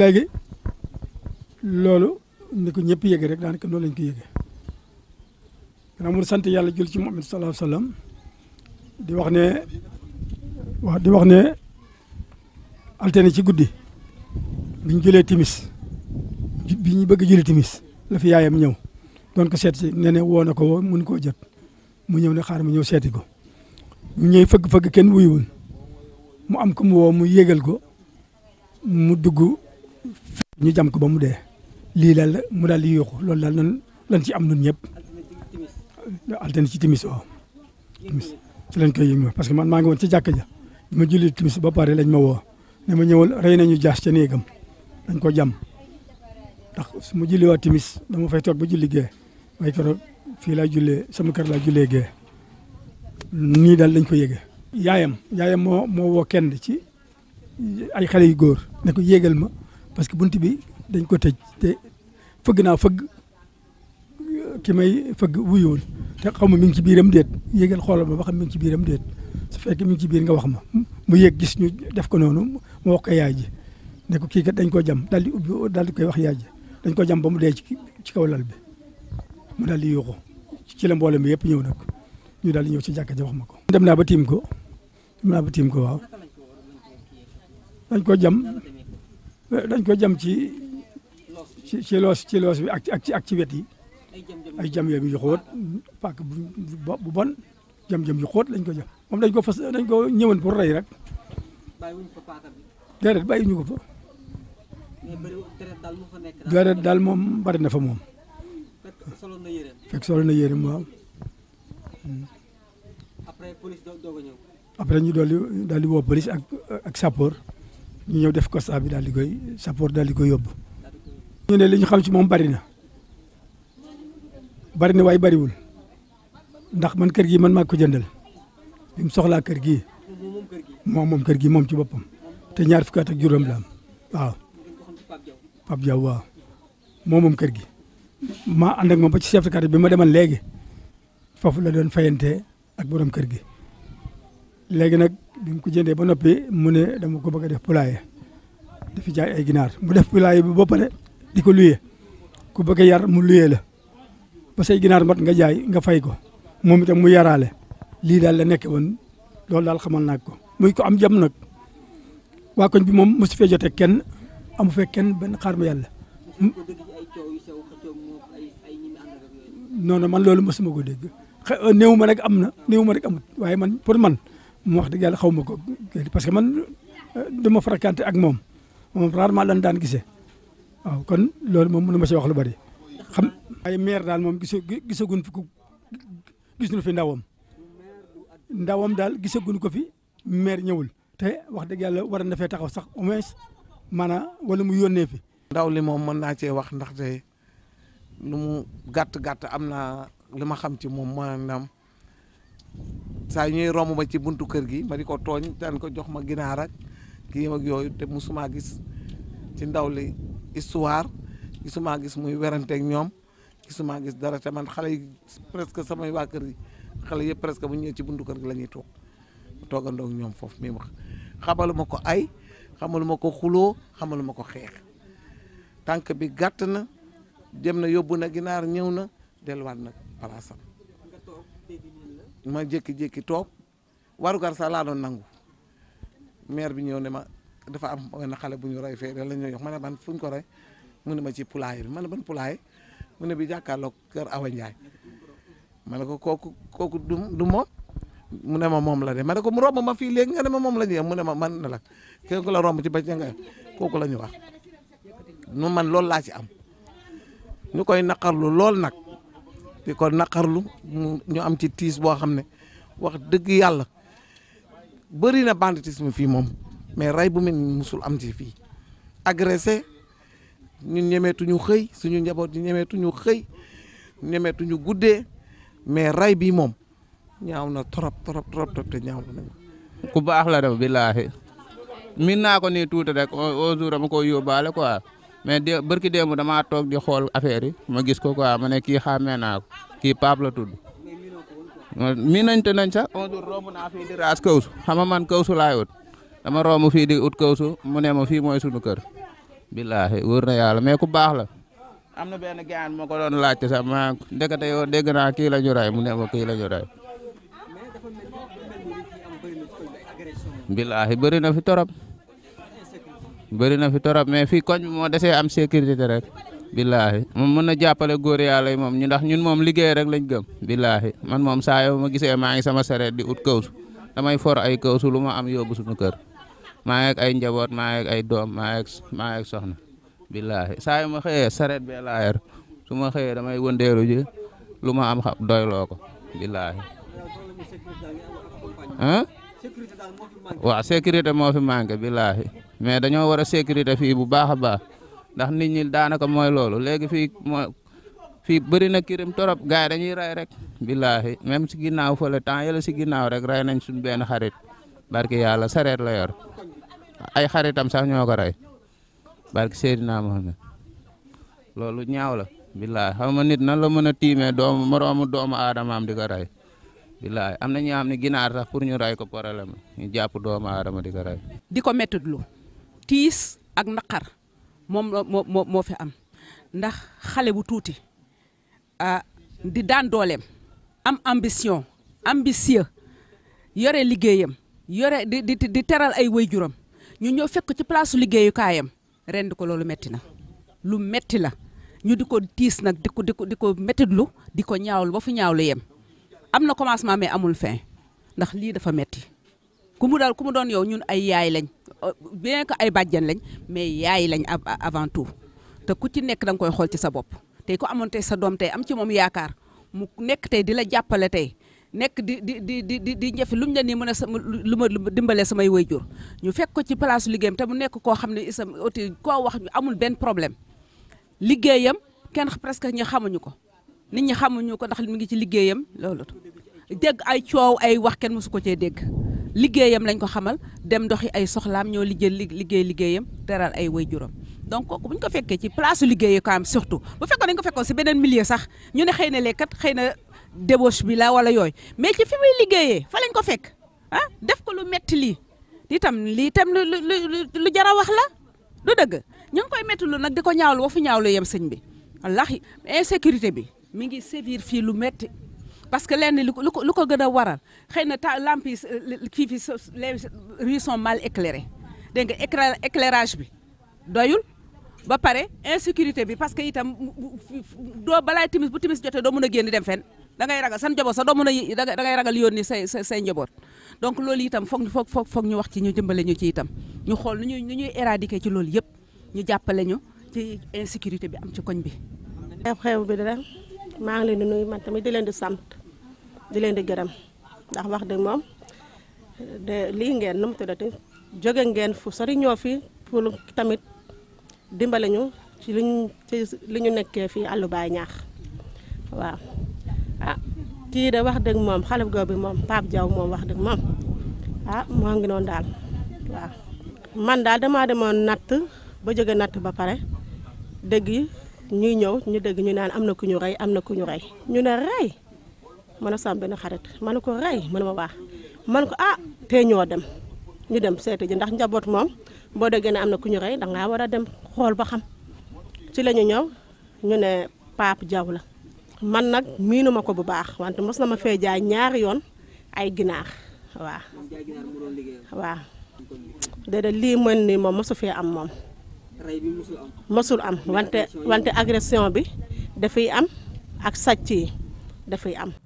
léegi loolu ni ko ñëpp yëge rek daanaka noonu lañ ko yëge gannaaw mu sant yàlla jul ci Muhammad sallallahu alayhi wasallam di wax ne waaw di wax ne altine ci guddi bi ñu jëlee timis bi ñu bëgg jëlee timis la fi yaayam ñëw doon ko seet si ne ne woo na ko woo mun koo jot mu ñëw ne xaar mu ñëw seeti ko ñu ñëw fëgg-fëgg kenn wuyuwul mu am ko mu woo mu yégal ko mu dugg ñu jam ko ba mu dee lii daal mu daal di yuuxu loolu daal nan lan ci am nun ñëpp altine ci timis waaw timis ci lañ koy yëg parce que man maa ngi woon ci jàkk ja ma julli timis ba pare lañ ma woo ne ma ñëwal rey ñu jaas ca néegam dañ ko jam ndax su ma julli waa timis dama fay toog ba julli gee waaye keroog fii laa jullee sama kër laa jullee gee nii daal dañ ko yége yaayam yaayam moo moo woo kenn ci ay xale yu góor ne ko yéegal ma parce que bunt bi dañ ko tëj te fëgg naa fëgg ki may wuy wuyuwul te xaw ma mi ngi ci biiram déet yéegal xoolal ma ba xam mi ngi ci biiram déet su fekkee mi ngi ci biir nga wax ma mu yéeg gis ñu def ko noonu mu wax ko yaay ji ne ko kii kat dañ koo jam daal di ubbi daal di koy wax yaay ji dañ koo jam ba mu dee ci kaw lal bi mu daal di yuuxu ci la mboole bi yëpp ñëw nag ñu daal di ñëw ci jàkka ji wax ma ko. dem naa ba tiim ko dem naa ba tiim ko waaw dañ ko jam. dañ ko jam ci ci los ci los bi ak ci ak ci wet yi ay jam jam yu xoot pak bu bon jam jam yu xoot lañ ko jam mom dañ ko fas dañ ko ñëwoon pour ray rek ko déedéet bàyyi ñu ko fa déedéet dal mom bari na fa mom fek solo na yéreem waaw après police do a ñew après ñu dolli daal wo police ak ak sapeur ñu ñëw def constat bi daal di koy sapeur daal di koy yóbbu. ñu ne xam ci moom bari na bari na waaye bariwul ndax man kër gi man maa ko jëndal bi mu soxlaa kër gi moom moom kër gi moom ci boppam te ñaar fukki at ak juróom la am waaw Pape moom moom kër gi maa ànd ak moom ba ci chef bi ma demal léegi foofu la doon fayante ak borom kër gi. léegi nag di mu ko jëndee ba noppi mu ne dama ko bëgg a def poulailler dafi jaay ay ginaar mu def poulailler bi ba pare di ko luyee ku bëgg a yar mu luyee la ba say ginaar mat nga jaay nga fay ko moom itam mu yaraale lii daal la nekk woon loolu daal xamal naag ko muy ko am jam nag waa koñ bi moom mosu fee kenn amu fee kenn benn xaar yàlla non man loolu mosuma ko dégg ma rek am na néew ma rek amut waaye man pour man mu wax dëgg xaw ma ko parce que man euh, dama fréquenté ak moom moom rarement lan daan gisee kon loolu moom mënu ma si wax lu bari xam ay maire daal moom gis gisaguñ fi ku gisuñu fi ndawam ndawam daal gisaguñ ko fi maire ñëwul te wax dëgg yàlla war na fee taxaw sax au moins wala mu yónnee fi ndaw li moom mën naa cee wax ndaxte lu mu gàtt gàtt am na li ma xam ci moom nam saa ñuy romb ma ci buntu kër gi ma di ko tooñ daan ko jox ma ginaar ak kii ak yooyu te musuma gis ci ndaw li histoire gisuma gis muy weranteeg ñoom gisuma gis dara te man xale yi presque samay waa kër gi xale yëpp presque bu ñëwee ci buntu kër gi la toog toogandoo ak ñoom foofu mi wax xamaluma ko ay xamaluma ko xuloo xamaluma ko xeex tànk bi gàtt na dem na yóbbu na ginaar ñëw na delluwaat na palaasam ma jékki-jékki toog warugar sax laa doon nangu maire bi ñëw ne ma dafa am benn xale bu ñu rey fee la ñu jox ma ne man fu ñu ko rey mu ne ma ci poulailler bi ma ne ban poulailler mu bi jàkkaarloog kër Awa Ndiaye ma ne ko kooku kooku du du moom ne ma moom la de ma ne ko mu romb ma fii léegi nga ne ma moom la ñu mu ne ma man ne la kenn ku la romb ci bëccëg nga kooku la ñu wax nu man loolu laa ci am ñu koy naqarlu lool nag. di ko naqarlu mu ñu am ci tiis boo xam ne wax dëgg yàlla bëri na banditisme fii moom mais ray bu mel ni musul am ci fii agressé ñun ñemeetuñu xëy suñu njaboot yi ñemeetuñu xëy ñemeetuñu guddee mais rey bii moom ñaaw na trop trop trop trop te ñaaw na ku baax la def billaahi min naa ko nii tuuti rek au jour dama ko yóbbaale quoi mais de barki démb damaa toog di xool affaire yi ma gis ko quoi ma ne kii xàmmee naa kii Pape la tudd. mii nañ te nañ sax on man kawsu laay ut dama romb fii di ut kawsu mu ne ma fii mooy sunu kër. billaahi wóor na yàlla mais ku baax la. am na benn gaan moo ko doon laajte sax ma ndekete yow dégg naa kii la ñu mu ne ma kii la ñu billaahi bëri fi torop. bëri na fi torop mais fii koñ moo desee am sécurité rek. billaahi moom mën na jàppale góor yàlla yi moom ñu ndax ñun moom liggéey rek lañ gëm. billaahi man moom saa yoo ma gisee maa ngi sama sareet di ut kawsu damay for ay kawsu lu ma am yóbbu sunu kër maa ay njaboot maa ay doom maa ngi soxna. billaahi saa yu ma xëyee sareet bee laa su ma xëyee damay wëndeelu ji lu ma am xam doyloo ko billaahi. ah. waaw sécurité moo fi manqué billaahi. mais dañoo war a sécurité fii bu baax a baax ndax nit ñi daanaka mooy loolu léegi fii mooy fii bëri na kirim torop gars dañuy rey rek billaahi même si ginnaaw fële temps yële si ginnaaw rek rey nañ suñ benn xarit barki yàlla sareet la yor ay xaritam sax ñoo ko rey barki Seydina Mohamed loolu ñaaw la billaahi xam ma nit nan la mën a tiime doomu moroomu doomu aadamaam di ko rey billaahi am na ñoo xam ne ginaar sax pour ñu rey ko problème ñu jàpp doomu aadama di ko rey tiis ak naqar moom moo moo fi am ndax xale bu tuuti a ah, di daan dooleem am ambition ambitieux yore liggéeyam yore di di teral ay waajuram ñu ñëw fekk ci place liggéeyukaayam ren di ko loolu metti na lu metti la ñu di ko tiis nag di ko di ko di ko mettitlu di ko ñaawlu ba fu ñaawlu yem am na commencement mais amul fin ndax lii dafa metti ku mu daal ku mu doon yow ñun ay yaay lañ euh, bien que ay bàjjan lañ mais yaay lañ avant tout te ku ci nekk da nga koy xool ci sa bopp tey ku amoon tey sa doom tey am ci moom yaakaar mu nekk tey di la jàppale tey nekk di di di di di di njafe lu mu la nii mën a sama lu ma dimbale samay waajur ñu fekk ko ci place liggéeyam te mu nekk koo xam ne isam oti koo wax ñu amul benn problème liggéeyam kenn presque ñi xamuñu ko nit ñi xamuñu ko ndax mu ngi ci liggéeyam loolu jëgg ay coow ay wax kenn mosu ko cee dégg liggéeyam lañ ko xamal dem doxi ay soxlaam ñoo liggéey liggéey liggéeyam teral ay waajuram donc kooku bu ñu ko fekkee ci place liggéeyee kaam ko bu fekkoon dañ ko fekkoon si beneen milieu sax ñu ne xëy na lekkat xëy na débauche bi la wala yooy mais ci fi muy liggéeyee fa lañ ko fekk ah, def ko lu metti lii lii tam lii tam lu lu lu jar a wax la du dëgg ñu ngi koy metti lu nag di ko ñaawlu wa fu ñaawlu yem sëñ bi wallaahi insécurité bi mi ngi sévir fii lu metti parce que lenn lu ko lu ko gën a waral xëy na ta lampe yi euh, kii fi les rues sont mal éclairées dégg nga éclairage bi doyul ba pare insécurité bi parce que itam doo balaay timis bu timis jotee doo mën a génn dem fenn da ngay ragal san njaboot sa doo mën a da ngay ragal yónni say say njaboot donc loolu itam foog foog foog ñu wax ci ñu dimbale ñu ci itam ñu xool nu ñuy nu ñuy éradiquer ci loolu yëpp ñu jàppale ñu ci insécurité bi am ci koñ bi. xew bi dara. maa ngi leen di nuyu man tamit di leen di sant di leen di gërëm ndax wax dëgg moom de lii ngeen nu mu tuddati jóge ngeen fu sori ñoo fi pour tamit dimbale ñu ci liñ ci li ñu nekkee fii àllu baay ñaax waaw ah kii de wax dëgg moom xale góor bi moom Pape jaw moom wax dëgg moom ah moo ngi noonu daal waaw man daal damaa demoon natt ba jóge natt ba pare dëgg ñuy ñëw ñu dégg ñu naan am na ku ñu rey am na ku ñu rey ñu ne rey ma ne sama benn xarit ma ne ko rey ma ne ma waax ma ko ah tee ñoo dem ñu dem seeti ji ndax njaboot moom boo déggee ne am na ku ñu rey da war a dem xool ba xam ci la ñu ñëw ñu ne Pape Diaw la man nag miinuma ko bu baax wante mos na ma fee jaay ñaari yoon ay ginaar waaw waaw déedéet lii mën ni moom mosu fee am moom mësul am wante wante agression bi dafay am ak sàcc yi dafay am